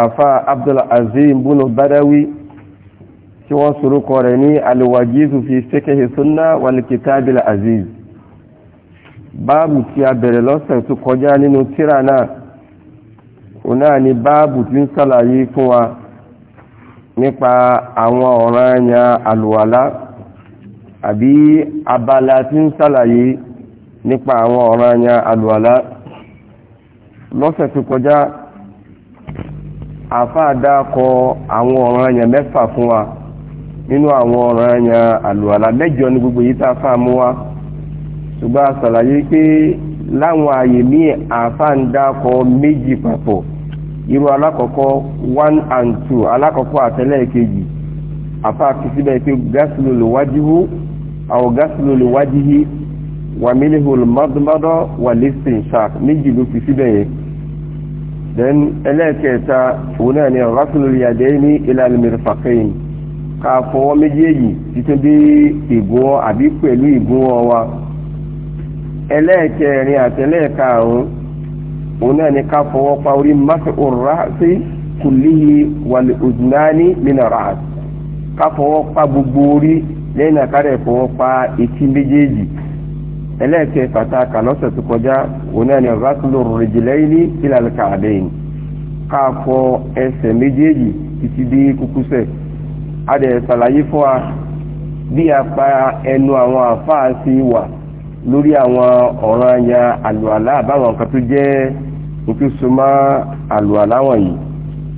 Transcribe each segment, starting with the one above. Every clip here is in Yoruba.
àfà abdulazim bunu badawi tí wọ́n sorúkọ rẹ̀ ní alwajizu fi fiqhi sunna wal kitabil aziz báàbù tí a bẹ̀rẹ̀ lọ́sẹ̀ tó kọjá nínú tírà náà o náà ni báàbù tí ń sàlàyé fún wa nípa àwọn ọ̀ranyàn alùwàlá àbí abala tí ń sàlàyé nípa àwọn ọ̀ranyàn alùwàlá lọ́sẹ̀ tó kọjá àfáà dákọ àwọn ọ̀ràn yẹn mẹ́fà fún wa nínú àwọn ọ̀ràn yẹn àlùwàlà mẹ́jọ ní gbogbo yìí tá a fáà mú wa ṣùgbọ́n a ṣàlàyé pé láwọn àyè míì àfáà ń dákọ méjì papọ̀ irú alákọ̀ọ́kọ́ one and two alákọ̀ọ́kọ́ àtẹlẹ́ẹ̀kejì àfáà fi síbẹ̀ pé gásìlò lè wájúwú àwọn gásìlò lè wájúhí wàmílíhùn mọ́dúnmọ́dọ́ wà lẹ́sìn sharp méjì ló fi síbẹ̀ yẹn then ẹlẹ́ẹ̀kẹta òun náà ni rasulul yadaini ila al-mirfaqayn ká méjèèjì títí dé ìgún ọ àbí pẹ̀lú ìgún ọ wa ẹlẹ́ẹ̀kẹrin àtẹlẹ́ẹ̀karùn òun ni ká fọwọ́ pa orí mas'ur pa gbogbo orí lẹ́yìn àkàrẹ̀ pa méjèèjì. ẹlẹ́ẹ̀kẹfà tá a kà lọ́sẹ̀ tó kọjá òun náà ni rákìlò rìjìlẹ́yìnì sílẹ̀ kàdéyìn ká fọ ẹsẹ̀ méjèèjì títí dé kúkúsẹ̀ adẹ̀ ṣàlàyé fún wa bí apá ẹnu àwọn àfáà sí wà lórí àwọn ọ̀ràn aya àlùalá àbáwọn nǹkan tó jẹ́ nǹkan so mọ́ àlùalá wọ̀nyí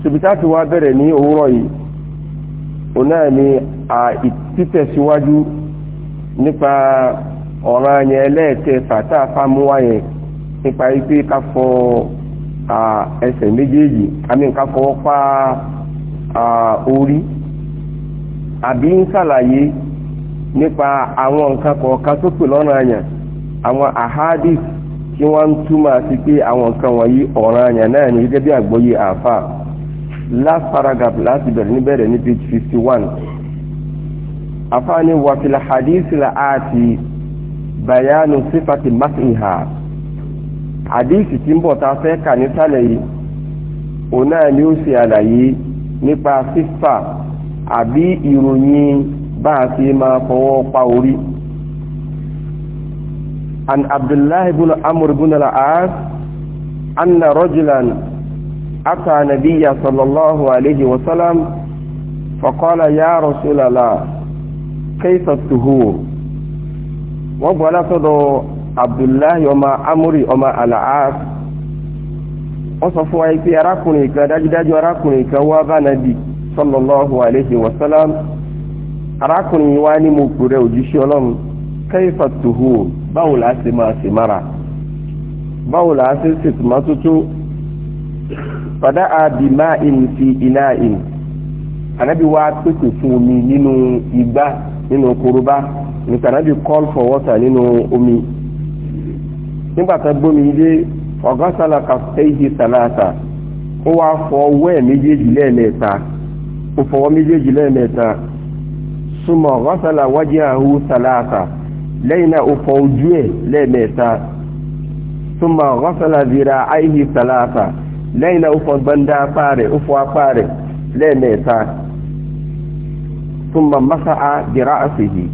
ṣùgbọ́n tí wàá bẹ̀rẹ̀ ní òwúrọ̀ yìí òun títẹ̀síwájú nípa. ọ̀rọ̀ yẹn ẹlẹ́ẹ̀kẹfà tá a nípa wípé ká fọ ẹsẹ̀ méjèèjì àmì pa orí àbí ń ṣàlàyé nípa àwọn nǹkan kọ̀ọ̀kan tó pè lọ́rùn àyàn àwọn ahadis tí wọ́n ń túmọ̀ sí pé àwọn nǹkan wọ̀nyí ọ̀ràn àyàn náà ní gẹ́gẹ́ bí àgbọ́yé last paragraph láti bẹ̀rẹ̀ níbẹ̀rẹ̀ ní page fifty one wàfìlà hadith la bayanu sífàtì masiha àdíìsì tí ń bọ̀ ta fẹ́ kà nísàlẹ̀ yìí òun náà ni ó ṣe àlàyé nípa sífà àbí ìròyìn bá a ṣe máa fọwọ́ pa orí. an abdullahi bin amr bin al-as anna rajulan ata nabiyya sallallahu alayhi wa sallam ya rasulallah kayfa tuhur wọ́n gbọ́ látọ̀dọ̀ abdullahi ọmọ amúrì ọmọ alaas wọ́n sọ fún wa pé arákùnrin kan dájúdájú arákùnrin kan wá bá nàbì sallallahu alayhi wa sallam arákùnrin wa ní mo pèrè òjíṣẹ́ ọlọ́run kayfa tuhur báwo la ṣe máa ṣe mara báwo la ṣe ṣe tòmátòtò fàdá àbí máa in fi iná in ànábi wa pèsè fún omi nínú igbá nínú korobá. ní kànáàbì call for water nínú omi nígbà tán gbómi ilé ọ̀gásàlà sàlàtà ó ẹ̀ méjèèjì lẹ́ẹ̀mẹ́ta ó fọwọ́ méjèèjì lẹ́ẹ̀mẹ́ta súnmọ́ wájú àhú sàlàtà lẹ́yìn náà ó fọ ojú ẹ̀ lẹ́ẹ̀mẹ́ta súnmọ́ sàlàtà lẹ́yìn náà ó fọ apá rẹ̀ ó fọ apá rẹ̀ lẹ́ẹ̀mẹ́ta súnmọ́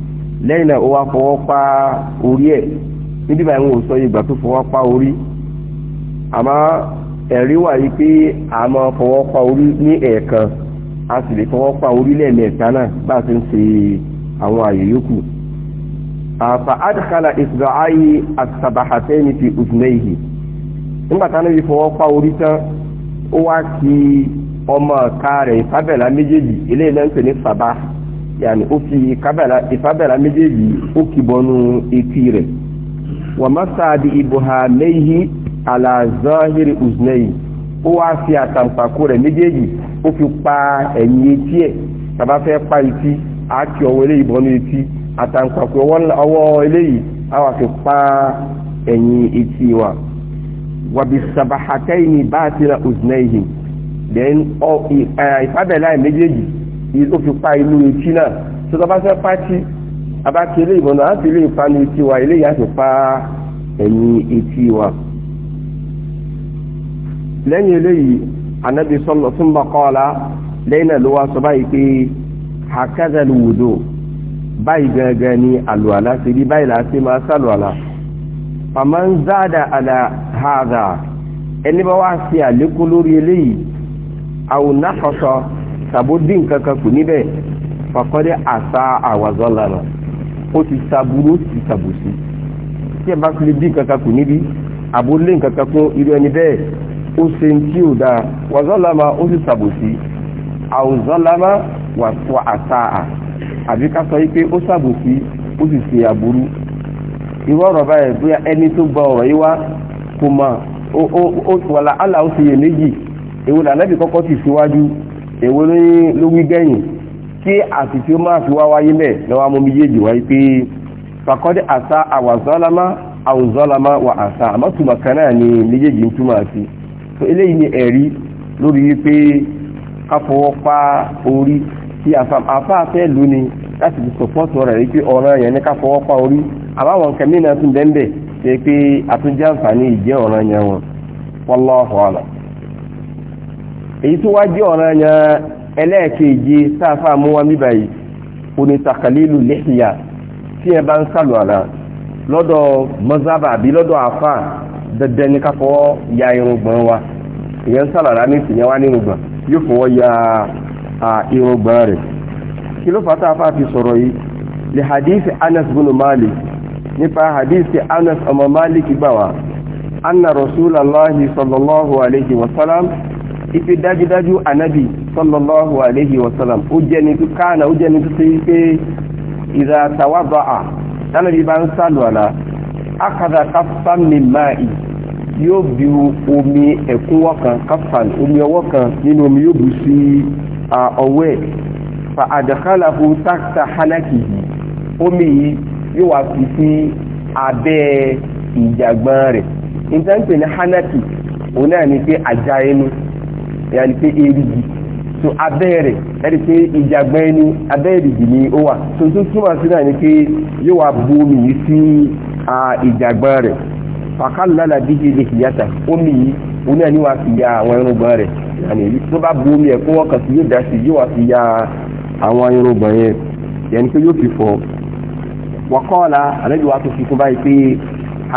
lẹ́yìn náà ó wá fọwọ́ pa orí ẹ̀ níbi báyìí wọn ò sọ ìgbà tó fọwọ́ pa orí àmọ́ ẹ̀rí wà yìí pé a máa fọwọ́ pa orí ní ẹ̀ẹ̀kan a sì lè fọwọ́ pa orí náà bá a ti ń ṣe àwọn àyè yòókù. àfà nígbà ọmọ ọ̀ka rẹ̀ sábẹ̀lá méjèèjì eléyìí náà ń pè ní yàni ó fi kábàlà ìfábàlà méjèèjì ó kì bọnú etí rẹ̀ wàmásáàdì ìbòhà méhì àlàzọ́hìrì ùsùnẹ́yì ó wá fi àtàǹpàkò rẹ̀ méjèèjì ó fi pa ẹ̀yìn etí ẹ̀ tàbá fẹ́ pa etí á kì ọwọ́ eléyìí bọnú etí àtàǹpàkò ọwọ́ eléyìí á wà fi pa ẹ̀yìn etí wa wàbí sàbàhàkẹ́yìn bá ti ra ùsùnẹ́yì then ìfábàlà méjèèjì ó fi pa inú etí náà tó tọ́ bá fẹ́ pátí abáki ilé ìbọn náà á fi ilé ìpanu etí wa ilé ìyá sì pa ẹ̀yìn etí wa. lẹ́yìn eléyìí anabi sọlọ súnmọ́ kọ́ọ̀lá lẹ́yìn náà ló wá sọ báyìí pé hakaza ni wudu báyìí gangan ni àlùwàlá ṣe rí báyìí láti máa sálùwàlá faman zada ala hadha ẹni bá wá sí àlékún lórí eléyìí àwọn náà kọsọ tàbó dín nǹkan kan kù níbẹ̀ fàkọ́dé àṣà àwàzọ́ lànà ó ti sàbúrú ti sàbòsí tí ẹ bá fi lè dín nǹkan kan kù níbi àbó lé nǹkan kan kún irú ẹni bẹ́ẹ̀ ó ṣe ń tí ò dáa wàzọ́ làmà ó sì sàbòsí àwùzọ́ làmà wà àṣà à àbí ká sọ wípé ó sàbòsí ó sì ṣe àbúrú irú ọ̀rọ̀ báyìí bóyá ẹni tó gba ọ̀rọ̀ yìí wá kò mọ̀ ó wàlà àlà ó ṣe yè méjì èwo làlẹ́bí kọ́kọ́ ti síwájú èwo ló wí gẹ́yìn tí àti tí ó máa fi wá wáyé mẹ́ lọ́wọ́ mú méjèèjì wáyé pé fàkọ́dé àṣà àwàzọ́lámá àwùzọ́lámá wà àṣà àmọ́tùmọ̀ kan náà ni méjèèjì ń túmọ̀ sí so eléyìí ni ẹ̀rí lórí wípé káfọwọ́ pa orí tí àfáàfẹ́ lù ni láti fi sọ̀pọ́tù rẹ̀ wípé ọ̀ràn yẹn ní káfọwọ́ pa orí àbáwọn nǹkan mìíràn tún bẹ́ẹ̀ bẹ́ẹ̀ pé àtúnjẹ́ àǹfààní ìjẹ́ ọ̀ràn yẹn wọn wallahu a'lam èyí tó wá jẹ́ ọ̀ràn yẹn ẹlẹ́ẹ̀kejì sáfà mú wa bíbá yìí oní takalilu lẹ́hìyà tí ẹ bá ń sàlù àná lọ́dọ̀ ya irùngbọ̀n wa ìyẹn sàlù àná ní ìsìnyẹn wá ní ya irùngbọ̀n rẹ̀ kí ló fàtà àfà fi sọ̀rọ̀ yìí lè hadithi anas bin malik nípa hadithi anas ọmọ malik gbà anna rasulallah sallallahu alayhi wasallam ipe dájúdájú anabi sallallahu alayhi wa sallam ó jẹ́ ní kánà ó jẹ́ ní tó ti pé idha tawadda'a tánàbí bá ń sálù àlá akadà káfán min yóò bí omi ẹ̀kúnwọ́ kan káfán omi ọwọ́ kan nínú omi yóò bù sí ọwọ́ ẹ̀ fa adkhalahu tahta hanakihi omi yìí yóò wá fi sí abẹ́ ìjàgbọ́n rẹ̀ nítorí pé ní hanaki òun náà ní pé àjà inú yàní pé erigi so abẹ́ rẹ̀ ẹni pé ìjàgbọ́n ẹni abẹ́ erigi ni ó wà so tó túmọ̀ sí náà ni pé yóò wá bu omi yìí sí ìjàgbọ́n rẹ̀ fàkàlùlànà díje lè fi yàtà omi yìí oní ẹni wàá fi ya àwọn irùngbọ̀n rẹ̀ yàní tó bá bu omi ẹ̀kọ́ wọn kàn sí yóò dá sí yóò wá fi ya àwọn irùngbọ̀n yẹn yàní pé yóò fi fọ́ wakọ́ọ̀la àlejò wa tó fi kún báyìí pé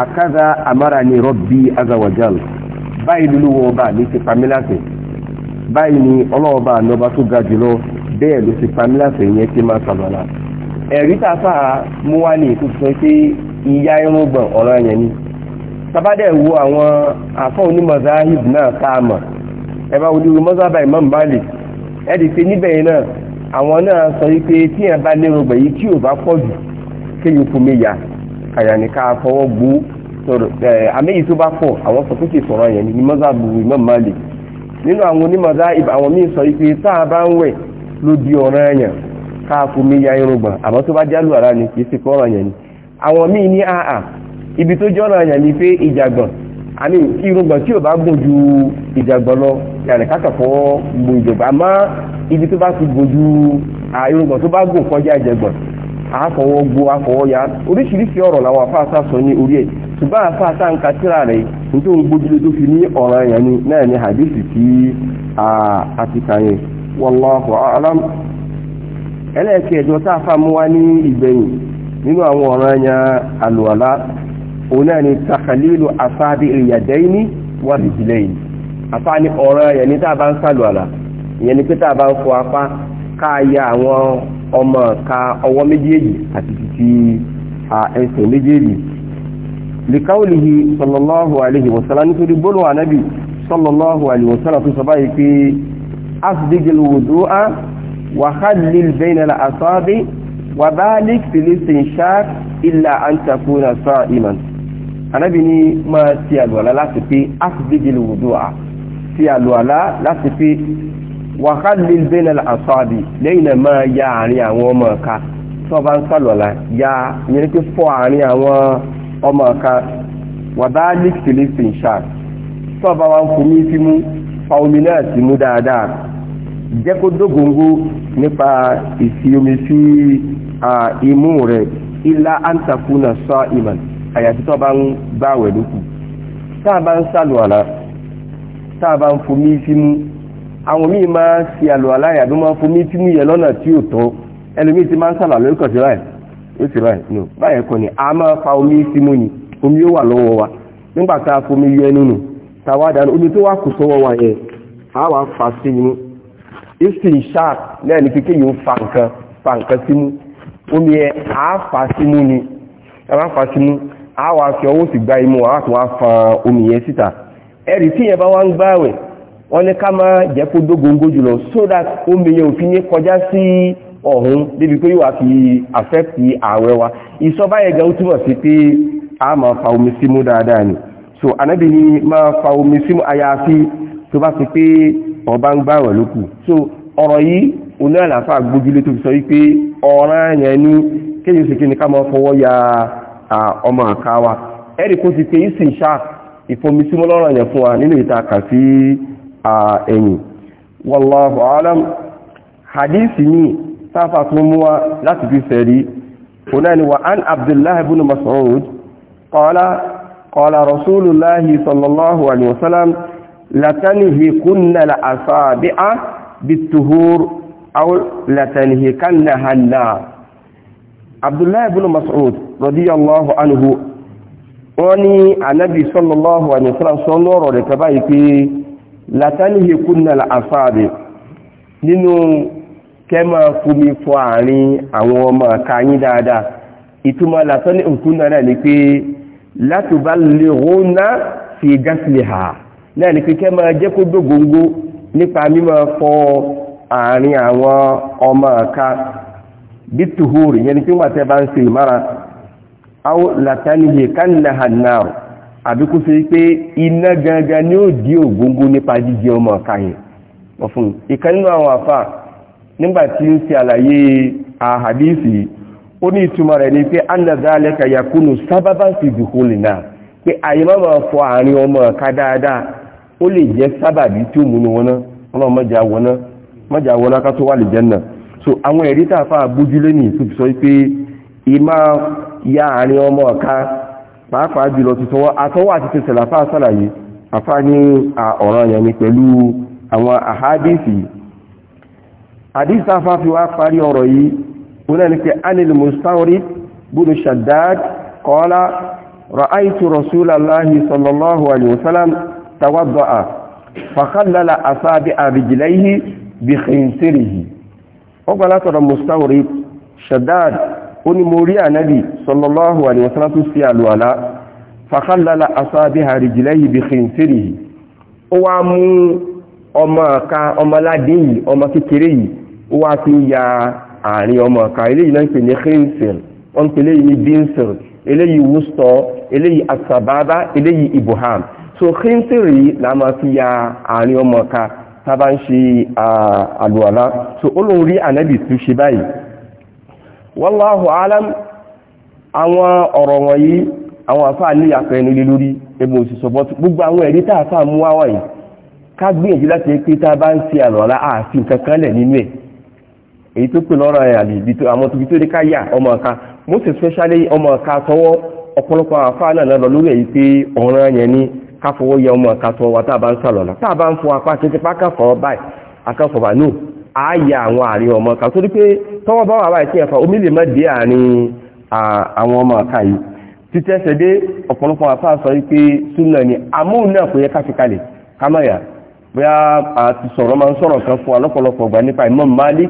àkàdá àmàrà ni rọ́bì azawajal báyìí lulú wọn bá ní ti pamílàsìn báyìí ni ọlọ́ọ̀bá anọba tó ga jùlọ bẹ́ẹ̀ ló ti pamílàfẹ́ yẹn tí máa sàlọ́lá ẹ̀rí tàfà mú wá ní ìyá irun gbọ̀n ọ̀rọ̀ yẹn ni sábàdẹ̀ wo àwọn àfọ́ onímọ̀ọ́sá hib náà tá a mọ̀ ẹ bá wọlé mọ́sábà Imam Malik ẹ ti níbẹ̀ yẹn náà àwọn náà sọ tí yẹn bá yìí tí ò bá pọ̀ jù mi kàyà ní ká nínú àwọn onímọ̀dá àwọn míì sọ ipe tá a bá ń wẹ̀ ló di ọ̀ràn ẹ̀yàn ká fomi ya irùngbọ̀n àmọ́ tó bá jálù ara ni kìí ṣe kọ́ ọ̀ràn ẹ̀yàn ni àwọn míì ní àà ibi tó jọ́ràn ẹ̀yàn ni pé ìjàgbọ̀n àmì kí irùngbọ̀n tí ò bá gùn ju ìjàgbọ̀n lọ yàrá kákà fọwọ́ ìjọba àmọ́ ibi tó bá ti gùn ju irùngbọ̀n tó bá gùn kọjá ìjàgbọ̀n àfọwọ́ gbo àfọwọ́ ya oríṣiríṣi ọ̀rọ̀ làwọn afáàsà sọ ní orí ẹ̀ ṣùgbọ́n àfa àtàǹkà tíra rẹ̀ tó fi ní ni náà ni a ti yẹn a'lam a fà mú wá ní ìgbẹ̀yìn nínú àwọn àlùwàlá náà ni takalilu asáde ìyàdẹ́yìn wà lìjìlẹ́yìn ni ni pé tá a bá ya àwọn ọmọ ka ọwọ́ méjèèjì àti títí ẹsẹ̀ méjèèjì likaulihi sallallahu alaihi wasallam nítorí bọ́lọ̀ ànábì sallallahu alaihi wasallam tó sọ báyìí pé asdigil wudu'a wa khallil bayna al-asabi wa balik fil istinshaq illa an takuna sa'iman ànábì ní ma ti alwala láti pé asdigil wudu'a ti alwala láti pé wa khallil bayna al-asabi lẹ́yìn ma ya àárín àwọn ọmọ ká tó ya ìyẹn pé fọ́ àárín àwọn ọmọ kan wàdálík philipsin shark tó ọba wa ń fomi sí mú fa omi náà sí mú dáadáa jẹ́ kó dógóńgó nípa ìfi omi sí imú rẹ̀ ilá antakuna sọ ìmọ̀ àyàfi tó bá ń gbààwẹ̀ lókù tá a bá ń sàlùwàlá tá a bá ń fomi sí mú àwọn míì máa ń ṣe àlùwàlá yàtọ̀ máa ń fomi sí mú yẹn lọ́nà tí ò tọ́ ẹlòmíì ti máa ń sàlùwàlá lókàn sí ó no kọ́ ni a máa fa omi sí mú omi ó wà lọ́wọ́ wa nígbà a fomi yọ ẹnu nù a wá omi tó wà a wà fa sí imú fa nǹkan sí omi yẹn a fa sí ni a ma fa sí a wà fi ọwọ́ sì gba imú a tún fa omi yẹ síta ẹ̀rì tí yẹn bá wá ń wọ́n ní ká jẹ́ kó so that omi yẹn ò fi ní ọ̀hún débi pé yíwa fi àfẹ́kì ààwẹ̀ wa ìsọba ẹ̀gẹ́ ó túmọ̀ sí pé a máa fa omi símú dáadáa ni so anábì ni máa fa omi símú àyàfi tó bá ti pé ọba ń gbààwẹ̀ lókù so ọ̀rọ̀ yìí oní àlàáfà gbójúlé tó fi sọ wípé ọ̀ràn yẹn ní kéyìn sì kí ni ká máa fọwọ́ ya ọmọ àká wa ẹ̀rì kó ti pé ìsìn ṣáà ìfomisímú lọ́rọ̀ yẹn fún wa nínú ìta kà sí ẹ̀yìn wallahu alam hadisi ni táfà tó mú wa láti fi fẹ̀rí onáni wa an abdullahi bin mas'ud qala qala rasulullahi sallallahu alaihi wasallam latanihi kunna la asabi'a bituhur aw latanihi kanna hanna abdullahi bin mas'ud radiyallahu anhu wani anabi sallallahu alaihi wasallam sọ lọ́rọ̀ rẹ̀ kaba yìí pé latanihi kunna la nínú kẹ́ máa fomi fọ àárín àwọn ọmọ ọ̀ka yín dáadáa ìtumọ̀ làtọ́ ní òkun náà ni pé láti bá lè róná fi gásìlè hà náà ni pé kẹ́ máa jẹ́ kó dógóńgó nípa mímọ̀ fọ àárín àwọn ọmọ ọ̀ka bí tuhuri yẹn ni pé wọ́n tẹ́ bá ń ṣe ìmára àwọn làtàníyè kánìlẹ̀ náà àbí kó pé iná gangan ni ó di ògóńgó nípa jíjẹ ọmọ ọ̀ka yẹn wọ́n fún àwọn àfáà nígbàtí ń ṣe àlàyé àhàdíìsì ó ní ìtumọ̀ rẹ̀ ni pé anazalẹ́ka yakunu sábábà sí ìdìkúlìnà pé àyèmọ́ máa fọ àárín ọmọ ká dáadáa ó lè jẹ́ sábàbí tí ó múnú wọn náà mọ́jà wọn náà mọ́jà wọn náà ká tó wà lè jẹ́ náà so àwọn ẹ̀rí tá a fa àgbójúlé ní ìtúbi pé ìmá ya àárín ọmọ ọ̀ka pàápàá jùlọ ti sọwọ́ àtọwọ́ àti tẹsẹ̀ làfáà sàlàyé àfáà ní ọ̀ràn yẹn ni pẹ̀lú àwọn àhádìsì àdísà fáfi wá parí ọ̀rọ̀ yìí wọ́nàlẹ́kẹ́ anil mustawrid bunu shaddad qala ra'aytu rasulallahi sallallahu alayhi wa sallam tawadda'a fakhallala asabi'a rijlayhi bi khinsirihi ó gbà látọ̀rọ̀ mustawrid shaddad ó ní mo rí ànábì sallallahu alayhi wa tó sí àlùwàlá fakhallala asabi'a rijlayhi bi khinsirihi ó mú ọmọ ọ̀ka ọmọládé yìí ọmọ kékeré yìí ó wá fi ya àárín ọmọ ọ̀ka eléyìí náà ń pè ní khinsir wọ́n ń pè léyìí ní binsir eléyìí wùsọ eléyìí asababa eléyìí ibuham so khinsir yìí là máa fi ya àárín ọmọ ọ̀ka tábà ń ṣe àlùwàlá so ó lóun rí ànábì tún ṣe báyìí wallahu alam àwọn ọ̀rọ̀ wọ̀nyí àwọn àfáà ní àpẹ nílé lórí ẹgbẹ́ òṣìṣọ́ bọ́ gbogbo àwọn ẹ̀rí tá àfáà mú wáwà yìí ká gbìyànjú láti pé tá a bá ń ṣe àlùwàlá ààfin kankan lẹ̀ nínú ẹ̀ èyí tó pè lọ́rọ̀ ẹ̀ àlè ibi tó àwọn tóbi tó lè ká yà ọmọ ọ̀ka most especially ọmọ ọ̀ka tọwọ́ ọ̀pọ̀lọpọ̀ àfáà náà lọ lórí èyí pé ọ̀ràn yẹn ní káfọwọ́ yẹ ọmọ ọ̀ka tọwọ́ wa tá a bá ń sàlọ̀lá tá a bá ń fọ apá kété pákàfọ́ báyìí akẹ́fọ́ bá nù á yà àwọn àárín ọmọ ọ̀ka torí pé tọwọ́ bá wà báyìí tí ẹ̀fọ́ omi lè má dé àárín àwọn ọmọ ọ̀ka ni àmóhùn náà sọ̀rọ̀ máa ń sọ̀rọ̀ kan fún wa lọ́pọ̀lọpọ̀ gbà nípa Imam Malik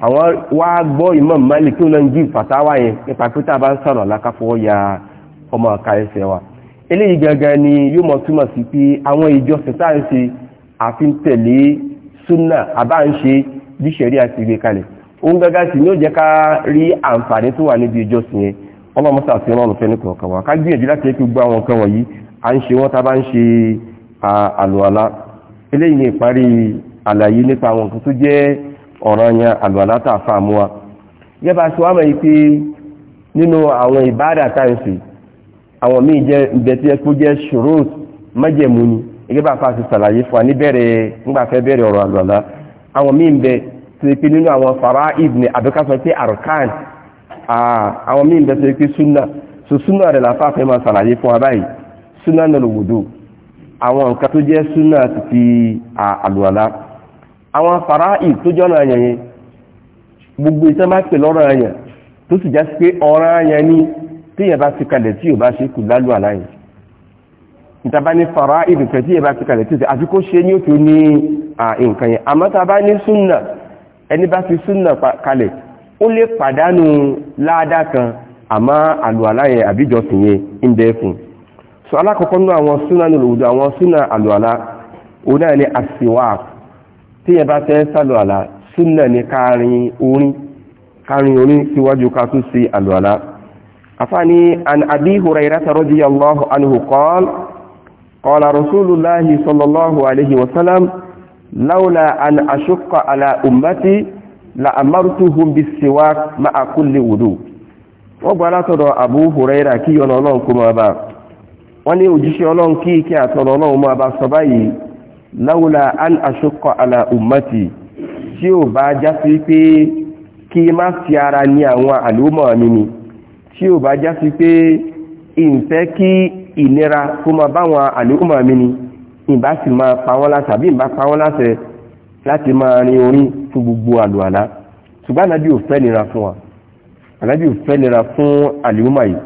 àwọn wá gbọ́ Imam Malik kí wọ́n jí fàtáwà yẹn nípa pé tàbá ń sọ̀rọ̀ lákàfọ́ ya ọmọ ọ̀ka ẹsẹ̀ wa eléyìí gangan ni yóò mọ̀ túmọ̀ sí pé àwọn ìjọsìn tá à ń ṣe àfi ń tẹ̀lé súnà àbá ń ṣe bí ṣẹ̀rí àti ìgbé kalẹ̀ òun gangan sì ni ó jẹ́ ká rí àǹfààní tó wà níbi ìjọsìn yẹn ọlọ́mọ sàfihàn ọlọ́run fẹ́ ní kọ̀ọ̀kan wa ká gbìyànjú láti ẹkú gbọ́ àwọn nǹkan wọ̀nyí à ń ṣe wọ́n tá bá ń ṣe àlùwàlá eléyìí ni ìparí àlàyé nípa àwọn nǹkan tó jẹ́ ọ̀ranyàn àlùwàlá tá a fa àmúwa yẹ́bà sí wàá mọ̀ yìí pé nínú àwọn ìbáàdà táǹsì àwọn míì jẹ́ ìbẹ̀tí ẹ̀kú jẹ́ ṣòrót májẹ̀mú ni gẹ́gẹ́ bá fa ti ṣàlàyé fún wa níbẹ̀rẹ̀ ńgbàfẹ́ bẹ̀rẹ̀ ọ̀rọ̀ àlùwàlá àwọn míì bẹ tó pé nínú àwọn fara ìdìní àbíkásọ pé arkan àwọn míì ń bẹ tó pé súnà so súnà rẹ̀ làfà fẹ́ máa ṣàlàyé fún wa báyìí súnà náà lòwòdò àwọn nǹkan tó jẹ́ súnà ti àlùwàlá àwọn fàráì tó jọ́nà àyàn yẹn gbogbo ìtàn bá pè lọ́rọ̀ àyàn tó sì já sí pé ọ̀rọ̀ àyàn ni téèyàn bá fi kalẹ̀ tí yóò bá ṣe kù lálù àláyé níta bá ní fàráì nìkan tí yóò bá fi kalẹ̀ tí yóò àfi kó ṣe ní òtún ní nǹkan yẹn àmọ́ tá a bá ní súnà ẹni bá fi súnà kalẹ̀ ó lè pàdánù láàdá kan àmọ́ àlù àláyé àbíjọsìn yẹn ń bẹ fún so alákọ̀ọ́kọ́ nínú àwọn súnà nílòwòdò àwọn súnà àlù àlá tíyẹn bá fẹ́ sálọ àlá súnà ní káàrin orin káàrin orin síwájú ká tún sí àlọ àlá afáàní an abi hurairata radiyallahu anhu qal qala rasulullahi sallallahu alaihi wasallam laula an ashukka ala ummati la amartuhum bis-siwak ma'a kulli wudu wọ́n gba látọ̀dọ̀ abu huraira kí yọ̀nà ọlọ́run kó máa wọ́n ní òjíṣẹ́ ọlọ́run kí kí àtọ̀rọ̀ ọlọ́run máa bá sọ báyìí láwùlà an àṣọkọ àlà ummati tí ò bá jásí pé kí má fi ara ní àwọn àlùmọ̀ mi ni tí ò bá jásí pé ìǹfẹ́ kí ìnira kó máa báwọn àlùmọ̀ mi ni ìbá sì máa pa wọ́n láṣẹ àbí ìbá pa wọ́n láti máa rin orin fún gbogbo àlùwàlá ṣùgbọ́n ànábì ò fẹ́ nira fún wa yìí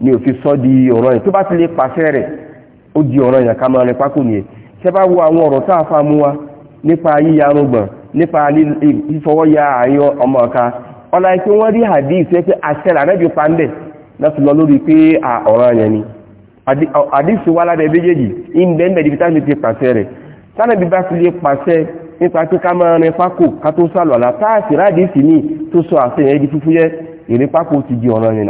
ni òfin sọ́ di ọ̀rọ̀ yìí tó bá ti lè pàṣẹ rẹ̀ ó di ọ̀rọ̀ yìí ká máa rin pákó nìyẹn tẹ́bá wo àwọn ọ̀rọ̀ tá a fa mú wa nípa yíya arúgbọ̀n nípa fífọwọ́ ya àyàn ọmọ ọ̀ka ọ̀la pé wọ́n rí hadith pé àṣẹ lànàbí pandẹ̀ láti lọ lórí pé ọ̀ràn yẹn ni hadith wà lábẹ́ méjèèjì ìbẹ̀ẹ́bẹ̀ níbi táwọn ti pàṣẹ rẹ̀ tánàbí bá fi lè pàṣẹ nípa pé ká máa rin pákó ká tó sálọ àlá táàsì rádìsì ní tó sọ àṣẹ yẹn di fúfú yẹ èrè pákó ti di ọ̀ràn yẹn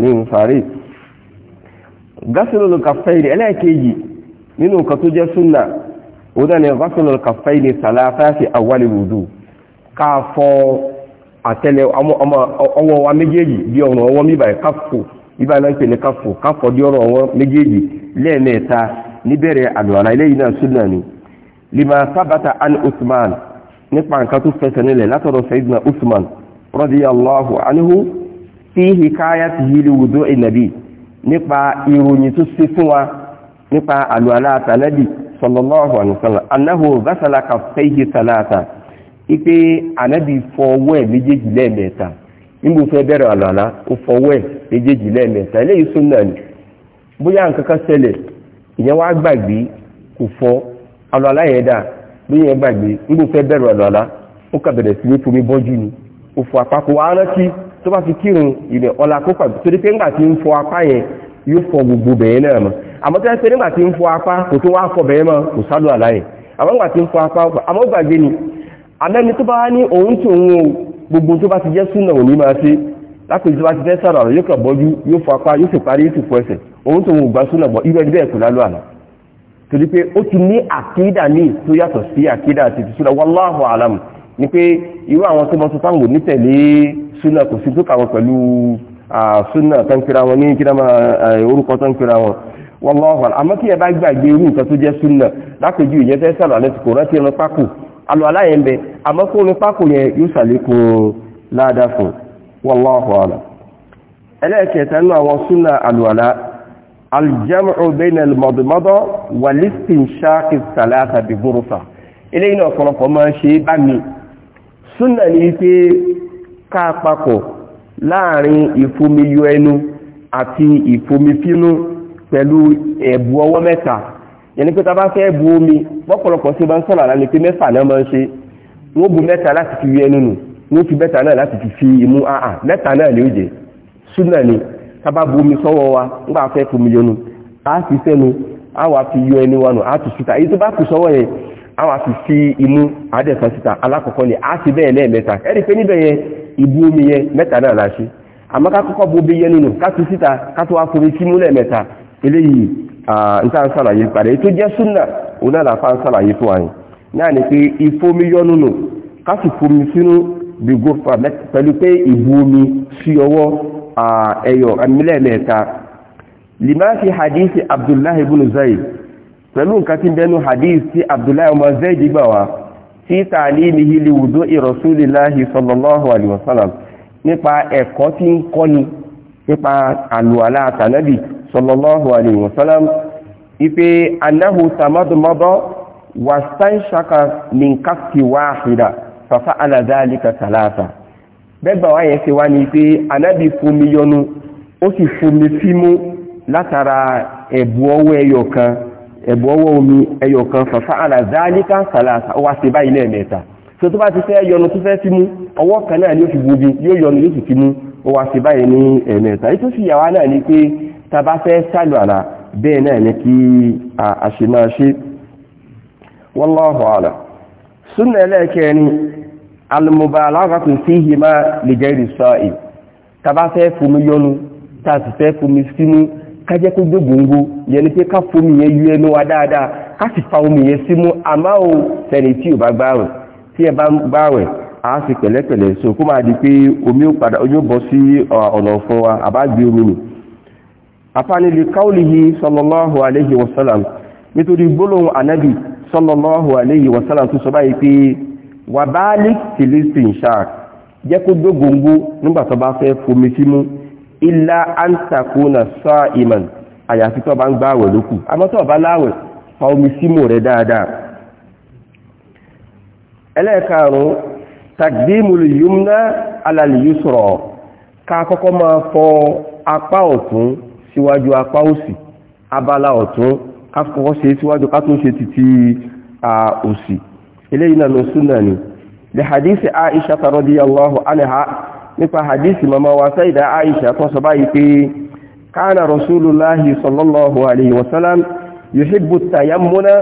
ni wá gásìlò kàfẹ́ìnì ẹlẹ́ẹ̀kejì nínú nǹkan tó jẹ́ súnà ó dáni gásìlò kàfẹ́ìnì sàlàfáàfì àwálì wùdú káàfọ́ àtẹ́lẹ ọwọ́ wa méjèèjì bí ọ̀rùn ọwọ́ míbàá káfò bíbá náà ń pè ní káfò káfò bí ọ̀rùn ọwọ́ méjèèjì lẹ́ẹ̀mẹ́ta níbẹ̀rẹ̀ àlùwàlá eléyìí náà súnà ni lima sábàtà an usman nípa nǹkan tó fẹsẹ̀ nílẹ̀ látọ̀rọ̀ usman radiyallahu anhu fi nabi nípa ìròyìn tó ṣe fún wa nípa àlùwàlá àtàlẹ́bì sallallahu alaihi wasallam annahu ghasala kaffayhi thalatha ipe fọwọ́ ẹ̀ méjèèjì lẹ́ẹ̀mẹ́ta níbo fẹ́ bẹ̀rẹ̀ àlùwàlá ó fọwọ́ ẹ̀ méjèèjì lẹ́ẹ̀mẹ́ta eléyìí ni bóyá nǹkan kan ṣẹlẹ̀ ìyẹn wá gbàgbé kò yẹn dà gbàgbé fẹ́ bẹ̀rẹ̀ ó sí tó bá fi kírun ilẹ̀ ọlá kó pàdé torí pé ńgbà tí ń fọ apá yẹn yóò fọ gbogbo bẹ̀yẹn náà mọ́ àmọ́ tó yẹ pé nígbà tí ń fọ apá kò tó wá fọ bẹ̀yẹn mọ́ kò sálù àlá àmọ́ ńgbà ń fọ apá àmọ́ gbàgbé ni àmẹ́ni tó bá ní òun tó ń wo gbogbo tó bá ti jẹ́ súnà òní máa ṣe lápèjì tó bá ti fẹ́ sàrọ̀ àrò yóò kàn bọ́jú yóò fọ apá yóò sì parí yóò sì fọ ẹsẹ̀ òun tó ń gbà súnà bọ̀ irú ẹni bẹ́ẹ̀ kò lálọ́ àlá torí pé ó ti ní àkídà míì tó yàtọ̀ sí àkídà àti ìtúsúnà wallahu alam ni pé irú àwọn tó bọ́ sọ fáwọn òní tẹ̀lé súnà kò sí tó kà wọn pẹ̀lú súnà tó ń pera wọn ní kíra orúkọ tó ń pera wọn wọn lọ hàn àmọ́ kí ẹ bá gbàgbé irú nǹkan tó jẹ́ súnà lápèjú ìyẹn fẹ́ sàlọ̀ alẹ́ kò rántí ẹran pákó alọ́ aláyẹn àmọ́ kó orin pákó yẹn yóò sàlékún ládàá fún wọn lọ hàn súnà ni wípé ká papọ̀ láàrin ìfomiyọ ẹnu àti ìfomifínú pẹ̀lú ẹ̀bù ọwọ́ mẹ́ta yẹni pé ta bá fẹ́ bu omi bọ́pọ̀lọpọ̀ sí bá ń sọ̀rọ̀ àlàní pé mẹ́fà náà máa ń ṣe wọ́n bu mẹ́ta láti fi wí nù wọ́n fi mẹ́ta náà láti fi fi imú àà mẹ́ta náà ní òjè súnà ni ta omi sọ́wọ́ wa fẹ́ a ti sẹ́nu a wà fi yọ ẹni a tù síta èyí tó bá kù sọ́wọ́ yẹn awa si fi imu àádẹ́sán síta alákọ̀ọ́kọ́ ni a ti bẹ́ẹ̀ lẹ́ẹ̀mẹ́ta ẹ̀rí pé níbẹ̀ yẹn ibu omi yẹn mẹ́ta náà la ṣe àmọ́ ká kọ́kọ́ bo omi yẹn nínú ká tu síta ká tó wá fomi símú lẹ́ẹ̀mẹ́ta nta ń sàlàyé padà èyí jẹ́ súnà òun náà làfa ń sàlàyé fún wa yẹn náà ni pé ìfomi yọ nínú ká sì sínú pẹ̀lú pé omi sí ọwọ́ ẹ̀yọ̀ lẹ́ẹ̀mẹ́ta pẹ̀lú nǹkan tí bẹnu hadith tí abdullahi ọmọ zaidi gbà wá tí ta'limihi li wudu'i rasulillahi sallallahu alaihi wasallam nípa ẹ̀kọ́ tí ń kọ́ni nípa àlùwàlá tànábì sallallahu alaihi wasallam ipe annahu tamadmada wastanshaka min kaffi wahida fafa ala dhalika thalatha bẹ́gbà wáyé ṣe wá ní pé anábì fomi yọnu ó sì fomi símú látara ẹ̀bù ọwọ́ ẹyọ kan ẹ̀bù ọwọ́ omi ẹyọ kan fàfà àlàzáníkà sàlàsà ó wá sí báyìí lẹ́ẹ̀mẹ́ta so tó bá ti fẹ́ yọnu tó fẹ́ ti mú ọwọ́ kan náà ni ó fi gbobi yóò yọnu yóò sì ti mú ó wá sí báyìí ní ẹ̀mẹ́ta ètò sì yàwá náà ni pé tá fẹ́ sálù àlà bẹ́ẹ̀ náà ni kí àṣemáṣe wallahu àlà súnà ẹlẹ́ẹ̀kẹ́ni almubalaghatu fihima li ghairi sa'i tá kájẹ́ kó gbogbo yẹni pé ká fomi yẹn yú ẹnu wa dáadáa ká sì fa omi yẹn símú àmá o sẹ́ni tí ò bá gbáwẹ̀ tí ẹ bá ń gbáwẹ̀ a sì pẹ̀lẹ́pẹ̀lẹ́ so kó máa di pé omi ó padà ojú bọ́ sí ọ̀nà fún wa àbá gbé omi nì afánilè káwòlìhì sallallahu alayhi wa sallam nítorí gbólóhùn anábì sallallahu alayhi wa sallam tó sọ báyìí pé wà bá lè tìlé sí illa an takuna sa'iman àyàfi tó bá ń gba àwẹ̀ lókù àmọ́ bá láwẹ̀ fa omi símù rẹ̀ dáadáa ala al ka ká kọ́kọ́ fọ apá ọ̀tún síwájú apá òsì abala ọ̀tún ká kọ́kọ́ ṣe síwájú ká tó ṣe títí òsì eléyìí náà ni li hadisi nípa hadisi mama wa sayida aisha tó sọ báyìí pé kana rasulullahi sallallahu alaihi wasallam yuhibbu tayammuna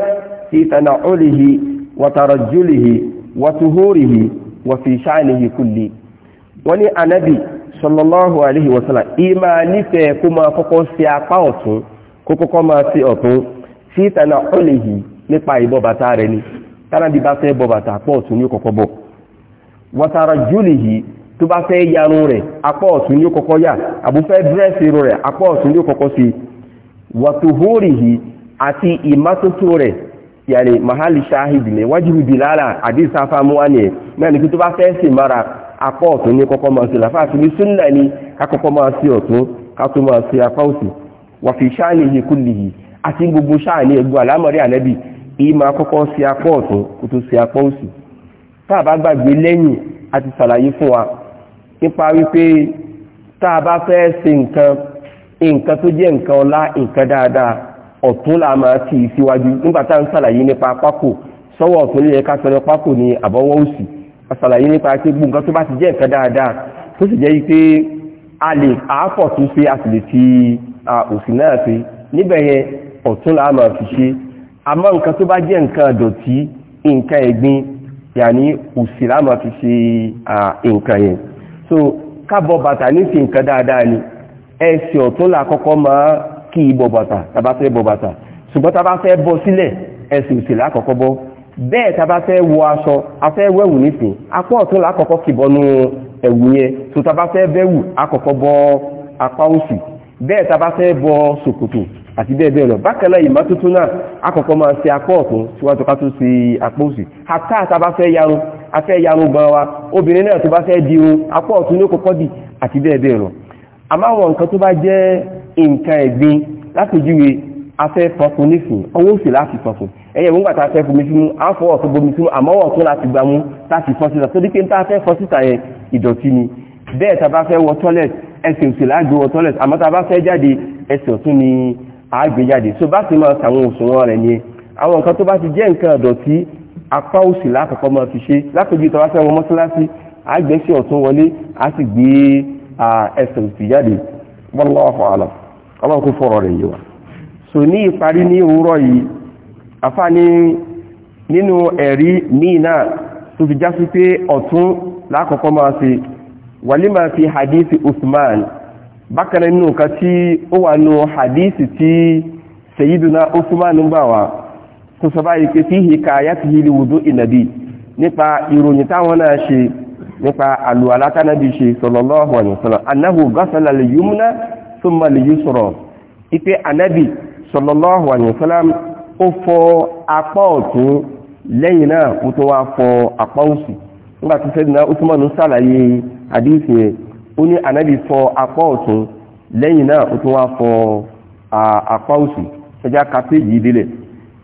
fi tana'ulihi wa tarajjulihi wa tuhurihi wa fi sha'nihi kulli wani anabi sallallahu alaihi wasallam ima nife kuma kọ́kọ́ sí apá ọ̀tún ko kọ́kọ́ ma sí ọ̀tún fi tana'ulihi nípa ìbọ bàtà rẹ̀ ni tanabi bá fẹ́ bọ bàtà pọ̀ ọ̀tún ni kọ́kọ́ bọ wa tarajjulihi tó bá fẹ́ yarun rẹ̀ apá ọ̀tún yóò kọ́kọ́ yà àbúfẹ́ dírẹ́sì irun rẹ̀ apá ọ̀tún yóò kọ́kọ́ sí wàtòhórìhì àti ìmátótó rẹ̀ yàrá mahali shahid ní wájú bilala àdìsá fámúwá ni ẹ̀ náà ní kí mara apá ọ̀tún ní kọ́kọ́ máa sí làfà àti ní súnà ní sha'ni ẹgbẹ́ àlámọ̀rí ànẹ́bì ìmọ̀ akọ́kọ́ sí apá ọ̀tún kó tó sí apá òsì tá gbàgbé lẹ́yìn àti sàlàyé fún wa nípa wípé tá a bá fẹ́ ṣe nǹkan nǹkan tó jẹ́ nǹkan ọlá nǹkan dáadáa ọ̀tún là máa tì í síwájú nígbà tá à ń ṣàlàyé nípa pákó sọ́wọ́ ọ̀tún lè yẹ ká sọ pákó ní àbọ̀wọ́ òsì àṣàlàyé nípa pé gbogbo nǹkan tó bá ti jẹ́ nǹkan dáadáa tó sì jẹ́ wípé a lè àápọ̀ tún ṣe a sì lè fi òsì náà ṣe níbẹ̀ yẹn ọ̀tún là máa fi ṣe àmọ́ nǹkan tó bá jẹ́ nǹkan ìdọ̀tí nǹkan ẹ̀gbin yàní òsì là máa fi ṣe nǹkan yẹn so kábọ̀ bàtà ní sí nǹkan dáadáa ni ẹsẹ̀ ọ̀tún là kọ́kọ́ máa kí ibọ̀ bàtà tàbá fẹ́ bọ̀ bàtà ṣùgbọ́n tàbá fẹ́ bọ́ sílẹ̀ ẹsẹ̀ òsì là kọ́kọ́ bọ́ bẹ́ẹ̀ tàbá fẹ́ wọ aṣọ afẹ́ wẹ̀wù nísìn apá ọ̀tún là kọ́kọ́ kì bọ́nú ẹ̀wù yẹn so tàbá fẹ́ bẹ́wù akọ́kọ́ bọ́ apá òsì bẹ́ẹ̀ tàbá fẹ́ bọ́ ṣòkòtò àti bẹ́ẹ̀ bẹ́ẹ̀ lọ bákan náà ìmọ́tótó náà akọ́kọ́ máa ṣe apá ọ̀tún síwájú ká tó ṣe apá òsì àtà tàbá fẹ́ yarun afẹ́ yanu gan wa obìnrin náà tó bá fẹ́ di irun apá ọ̀tún ní kọ́kọ́ dì àti bẹ́ẹ̀ bẹ́ẹ̀ lọ àmọ́ àwọn nǹkan tó bá jẹ́ nǹkan ẹ̀gbin lápèjúwe afẹ́ fọkùn nísìn ọwọ́ òsì láti fọkùn ẹ̀yẹ̀ mú gbàtà afẹ́ fún mi fún mu àfọ bomi fún mu àmọ́ láti gbà mú láti fọ síta tó dípé níta afẹ́ fọ síta yẹn ìdọ̀tí ni bẹ́ẹ̀ tá a bá fẹ́ wọ toilet ẹsẹ̀ òsì láàgbé wọ toilet àmọ́ tá a bá fẹ́ jáde ẹsẹ̀ ọ̀tún ni àgbéjáde so bá ti máa sàwọn òṣùwọ̀n rẹ̀ ni àwọn nǹkan tó bá ti jẹ́ nǹkan ọ̀dọ̀tí apá òsì lákọ̀ọ́kọ́ máa fi ṣe lápèjì tó sí àwọn mọ́sálásí àgbẹ̀sí ọ̀tún wọlé a sì gbé ẹsẹ̀ òsì jáde wallahu a'lam ọlọ́run kò fọ̀rọ̀ rẹ̀ yìí wá. sò ní ìparí ní òwúrọ̀ yìí afá ní fi já pé ọ̀tún lákọ̀ọ́kọ́ fi hadithi usman bákan nínú nǹkan tí ó wà tó sọ báyìí pé tí ìhìkà yàtìhì lè wùdó ìnàbí nípa ìròyìn táwọn náà ṣe nípa àlù alátánàbí ṣe sallallahu alaihi wasallam annahu ghasala al-yumna thumma al-yusra ipe anabi sallallahu alaihi wasallam ó fọ apá ọ̀tún lẹ́yìn náà ó tó wá fọ apá òsì nígbà tó sẹ́dínà Usman sàlàyé àdíìsì yẹn ó ní anabi fọ apá ọ̀tún lẹ́yìn náà ó tó wá fọ apá òsì ẹjá kàpéjì ìdílẹ̀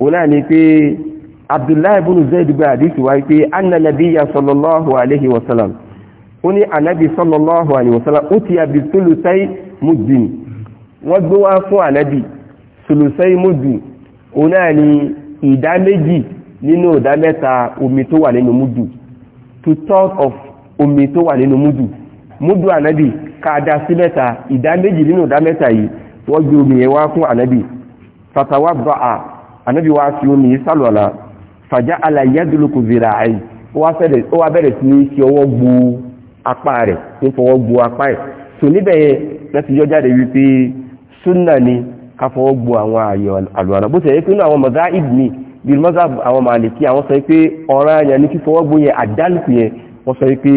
òun náà ni pé abdullahi ibn zayd gba àdìsí wáyé pé anna nabiyya sallallahu alayhi wa sallam ó ní anabi sallallahu alayhi wa sallam ó ti àbí sulusai muddin wọ́n gbé wá fún anabi sulusai muddin òun náà ni ìdá méjì nínú ìdá mẹ́ta omi tó wà nínú mudu two thirds of omi tó wà nínú mudu mudu anabi káàdá sí mẹ́ta ìdá méjì nínú ìdá mẹ́ta yìí wọ́n gbé omi yẹn wá fún anabi fatawa ba'a anábì wá fi omi sálùwàlá fàjá alayádùlùkù zira àì ó wá bẹ̀rẹ̀ sí ní fi ọwọ́ gbu apá rẹ̀ ní fọwọ́ gbu apá ẹ̀ tò níbẹ̀ yẹn láti yọ jáde wípé súnà ni ká fọwọ́ gbu àwọn àyọ̀ àlùwàlá bó tẹ̀yẹ́ pé inú àwọn mọ̀dá ìdìní bí mọ́sá àwọn màlìkí àwọn sọ pé ọ̀ràn yẹn ní fífọwọ́ gbu yẹn àdálùkù yẹn wọ́n sọ pé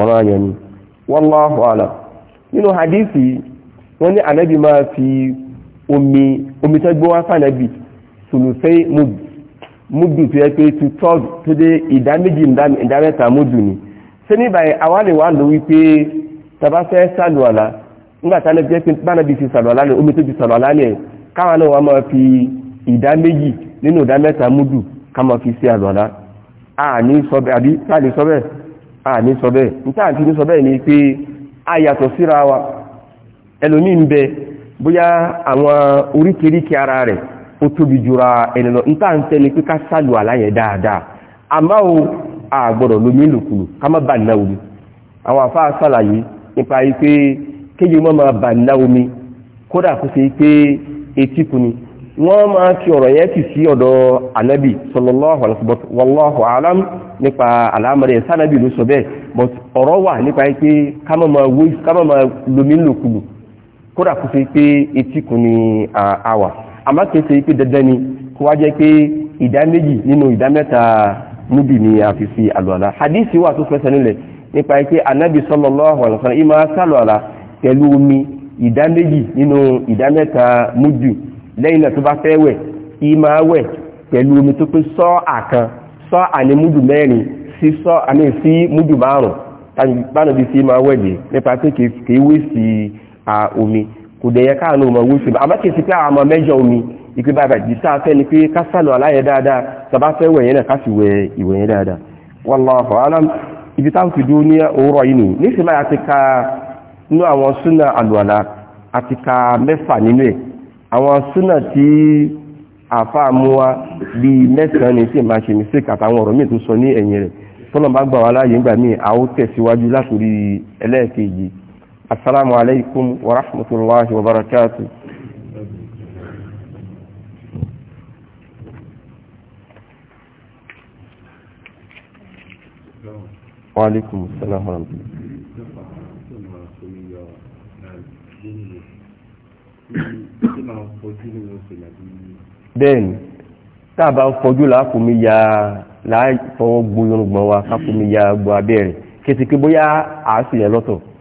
ọ̀ràn yẹn ni wallahu alam nínú hadithi wọ́n ní ànábì máa fi omi omi tẹ́gbọ́n wá fànábì tùlùfẹ́ múdù tó yẹ pé tó tọ́ tó dé ìdá méjì ìdá mẹ́ta múdù ni ṣé ní báyìí àwa lè wá lò wípé tàbá fẹ́ sàlùwàlà nígbà tá lẹ́bi jẹ́ pé bá nàbí ti sàlùwàlà ni omi tó ti sàlùwàlà ni ẹ̀ káwa náà wà máa fi ìdá méjì nínú ìdá mẹ́ta múdù ká máa fi ṣe àlùwàlà àní sọ bẹ́ẹ̀ àbí sáà sọ bẹ́ẹ̀ àní sọ bẹ́ẹ̀ níta àti ní sọ bẹ́ẹ̀ ni pé a yàtọ̀ síra wa ẹlòmíì ń bẹ bóyá àwọn oríkèéríkèé ara rẹ̀ ó tóbi jura ẹni lọ níta ń tẹ́ni pé sálù àláyẹ̀ dáadáa àmá o àgbọ̀dọ̀ lómi lòkulù ká má bà omi àwọn afá sàlàyé nípa pé kéyìí wọ́n máa bà omi kódà kó ṣe pé kuni máa fi ọrọ yẹn ti sí ọdọ anabi alam nípa sanabi ló sọ wà nípa pé ká má máa kódà kó ṣe àmọ́ kìí ṣe pé dandan ni kó wá jẹ́ pé ìdá méjì nínú ìdá mẹ́ta níbi ni a fi fi àlùwàlá hadisi wà tó fẹsẹ̀ nílẹ̀ nípa pé anabi sallallahu alaihi wasallam ìmọ̀ sálọ̀lá pẹ̀lú omi ìdá méjì nínú ìdá mẹ́ta múdù lẹ́yìn náà tó bá fẹ́ wẹ̀ ìmọ̀ wẹ̀ pẹ̀lú omi tó pé sọ́ àkan sọ́ àní múdù mẹ́rin sí sọ́ àní sí múdù márùn-ún tàbí bá nàbí sí ìmọ̀ wẹ̀ dé nípa pé kìí sí omi kò dẹ̀yẹ káàánú ọmọ owó ìṣèlú àmọ́ kìí sí pé àwọn ọmọ mẹ́jọ omi ìpé bàbá fẹ́ ni pé ká sàlù aláyẹ dáadáa tàbá fẹ́ wẹ̀ yẹn náà ká sì wẹ ìwẹ̀ yẹn dáadáa wallahu alam ibi táwọn ti dúró ní òwúrọ̀ yìí nì ní ìsinmi àti ka nú àwọn súnà àlùwàlà àti ka mẹ́fà nínú ẹ̀ àwọn súnà tí àfa mú wa bí mẹ́sàn-án ní sí máa ṣe ní sí àtàwọn ọ̀rọ̀ míì tó sọ ní ẹ̀yìn rẹ̀ tọ́lọ́mbà gbà wá láàyè ńgbà míì àwọn tẹ̀síwájú látòrí ẹlẹ́ẹ̀kejì السلام عليكم ورحمة الله وبركاته وعليكم السلام ورحمة الله bẹ́ẹ̀ni tàbá fọjú láàkùnmí ya láàfọwọ́ gbóyọ̀nùgbọ̀n wa káàkùnmí ya gbọ́ abẹ́rẹ̀ kẹsìkí bóyá àásìyẹ lọ́tọ̀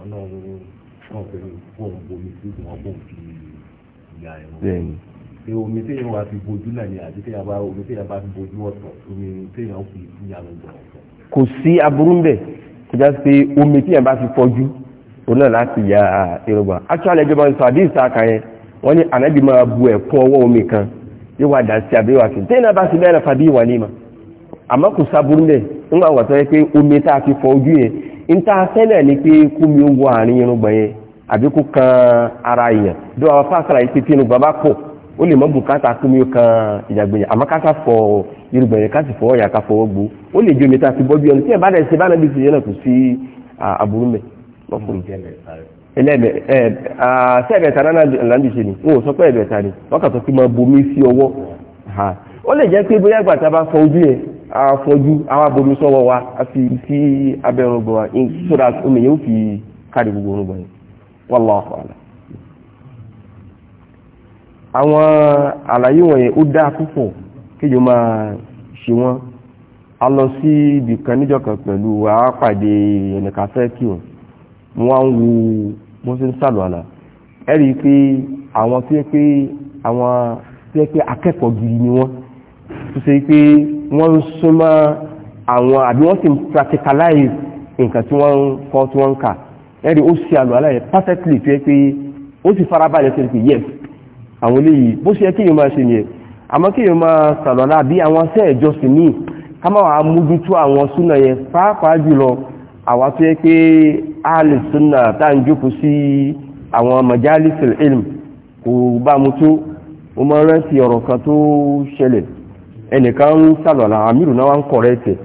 àwọn náà kàn pé fóun bomi sí wọn bóun fi ìyá ẹ̀ wọ́n. pé omi téèyàn wá fi bojú náà ni àti téèyàn bá omi téèyàn bá fi bojú ọ̀tọ̀ omi téèyàn fi ìyá ló gbọ̀ ọ̀tọ̀. kò sí aburú ń bẹ̀ kó já sí pé omi téèyàn bá fi fọjú òun náà láti ya irungba actually ẹjọba ń sọ àdéhùn sáà kan yẹn wọ́n ní ànábì máa bu ẹ̀kún ọwọ́ omi kan yóò wá dà sí àbí wà sí bá sì bẹ́ẹ̀ rẹ̀ fàbí ìwà ní ma àmọ́ kò sábúrú bẹ́ẹ̀ ńgbà wà tó yẹ pé omi tá a fi fọ ojú yẹn ń tá ni pé kú mi ó wọ àárín kan ara èèyàn bí wọn fà sára yìí pípínu bàbá pọ̀ ó lè mọ bùkátà kú mi ó kan ìjàgbọ̀n yẹn fọ irùngbọ̀n yẹn káṣí fọwọ́ yà ká fọwọ́ gbó ó lè ju omi a fi bọ́ bí tí ẹ̀ bá dẹ̀ ṣe bí ti yẹn náà kò sí àbúrú mẹ́ afọ́jú àwọn abomi sọ́wọ́ wa àti sí abẹ́ ọ̀rọ̀gbọ̀n wa so that omi yóò fi kárí gbogbo ọ̀rọ̀gbọ̀n yìí wallahu a'lam. àwọn àlàyé wọ̀nyẹn ó dáa púpọ̀ kéjọ máa ṣe wọ́n a lọ sí ibì kan níjọ kan pẹ̀lú àápàdé ẹnìkan kí o mo wo bó ṣe ń sàlùwàlà ẹ rí i pé àwọn tí ó pé àwọn tí ó pé akẹ́kọ̀ọ́ gidi ni wọ́n tó ṣe pé wọ́n ń súnmọ́ àwọn àbí wọ́n sì ń practicalize nǹkan tí wọ́n ń kọ́ tí wọ́n ń kà ẹ̀rí ó ṣe àlọ́ aláyẹ perfectly tó yẹ pé ó sì farabalẹ̀ sí pé yes àwọn eléyìí bó ṣe yẹ kéèyàn máa ṣe nìyẹn àmọ́ kéèyàn máa sàlọ́lá bí àwọn aṣẹ́ ìjọsìn míì ká má wàá mójútó àwọn súnà yẹn pàápàá jùlọ àwa tó yẹ pé àlè súnà tá à ń jókòó sí àwọn majalisil ilm kò bá mu tó ó máa rántí ọ̀rọ̀ kan tó ṣẹlẹ̀ ẹnìkan ń sàlọ̀lá àmìrù náà wá ń kọ̀rẹ́ ẹ̀tẹ̀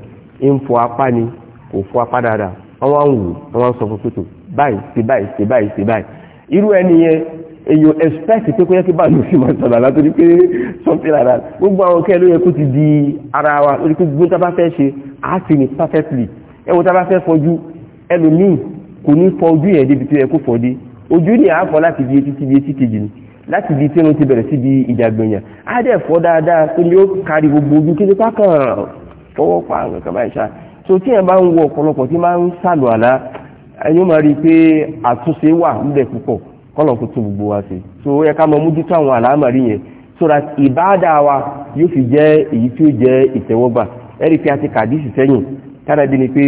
ń fọ apá ni kò fọ apá dáadáa wọ́n wá ń wù wọ́n wá ń sọ fún pẹ̀tò báyìí sí báyìí sí báyìí sí báyìí irú ẹni yẹn èyàn expect pé kó yẹ kí bá lò sí màsàlà látòrí pé something like that gbogbo àwọn kẹ́ ló yẹ kó ti di ara wa lórí pé gbogbo tábà fẹ́ ṣe á sì ní perfectly ẹ̀wọ̀n tábà fẹ́ fọjú ẹlòmíì kò ní fọ ojú yẹn débi tó yẹ kó fọ dé ojú ni àá fọ láti di etí ti di etí kejì ni láti di tí mo ti bẹ̀rẹ̀ sí di ìjàgbẹ̀yàn á dẹ̀ fọ́ dáadáa pé ó kárí gbogbo ojú kí ló bá kàn fọwọ́ pa àwọn kan báyìí ṣá so tí ẹ bá ń wọ ọ̀pọ̀lọpọ̀ tí máa ń sàlù àlá ẹni ó gbogbo wa sí so ó ká mọ mójútó àwọn yẹn so that ìbáàdà wa yóò fi jẹ́ èyí tí ó jẹ́ ìtẹ́wọ́gbà pé a ti kàdísì sẹ́yìn tánàbí ni pé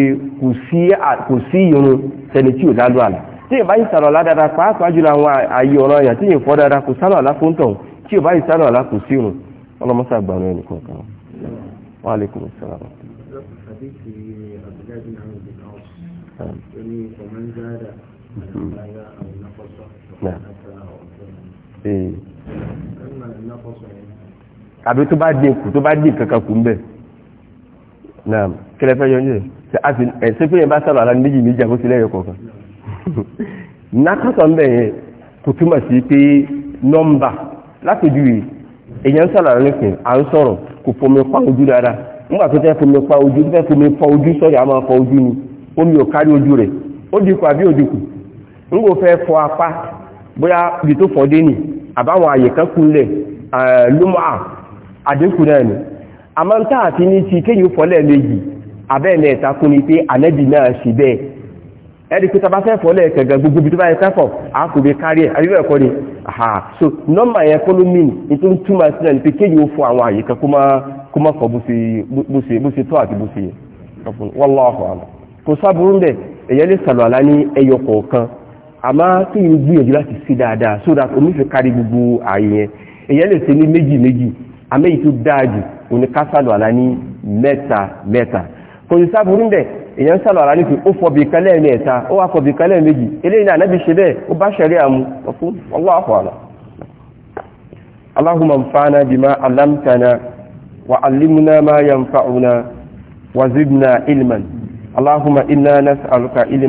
kò sí tí ìbá ìsàlọ̀ ládàdà pàápàá jùlọ àwọn ayé ọ̀rọ̀ àyà tí ìfọ́ dáadáa kò sálọ̀ àlá fún tọ̀hún tí ìbá ìsàlọ̀ àlá kò sí òun ọlọ́mọ́sá gbànú ẹnì kọ̀ọ̀kan wa alaikum assalam. àbí tó bá dín kù tó bá dín kankan kù ń bẹ̀ náà kílẹ̀ yọ ní ẹ̀ ṣe pé yẹn bá sálọ̀ àlá méjì méjì àkóso lẹ́yọ̀ kọ̀ọ̀kan. nàkàtọ̀ ń bẹ̀ yẹn kò túmọ̀ sí pé èèyàn ń sàlàyé à ń sọ̀rọ̀ kò fomi pa ojú dáadáa nígbà tó fẹ́ pa ojú fẹ́ fomi fọ ojú sọ̀rọ̀ ojú ni omi ò kárí ojú rẹ̀ ó dínkù àbí ò dínkù fẹ́ fọ apá bóyá ni àmọ́ ń ní ti méjì abẹ́ẹ̀mẹ́ta kún ni pé ànẹ́bì náà bẹ́ẹ̀ ẹ̀rí pé tàbá fẹ́ fọ́lẹ̀ kẹ̀gẹ̀ gbogbo bí tó bá yẹ kẹ́fọ̀ àkùnbẹ̀ kárí ẹ̀ àríwẹ̀ ẹ̀kọ́ ni àhà so nọ́mbà yẹn kọ́ ló mìn ní tó ń túmọ̀ sí náà ní pé kéyìí ó fún àwọn àyíká kó má kọ́ bó ṣe tó àti bó ṣe yẹ wallahu a'lam kò sábúrú ń bẹ̀ èyẹ́ lè sàlọ̀ àlá ní ẹyọ kọ̀ọ̀kan àmọ́ kí yìí gbìyànjú láti sí dáadáa so that omi fi kárí gbogbo ààyè yẹn èyẹ́ lè ṣe ní méjì méjì àmẹ́yìí tó dáa jù òní ká sàlọ̀ àlá ní mẹ́ta mẹ́ta kò sí sáàbùrú ń bẹ̀ èyàn sàlọ̀ ara nìkú ó fọ̀bì kalẹ̀ mẹ́ta ó wá fọ̀bì kalẹ̀ méjì eléyìí náà nábi ṣe bẹ́ẹ̀ ó bá ṣẹ̀rí àmú ọkún Allahu a'lam Allahumma anfa'na bima 'allamtana wa 'allimna ma yanfa'una wa zidna ilman Allahumma inna nas'aluka ilman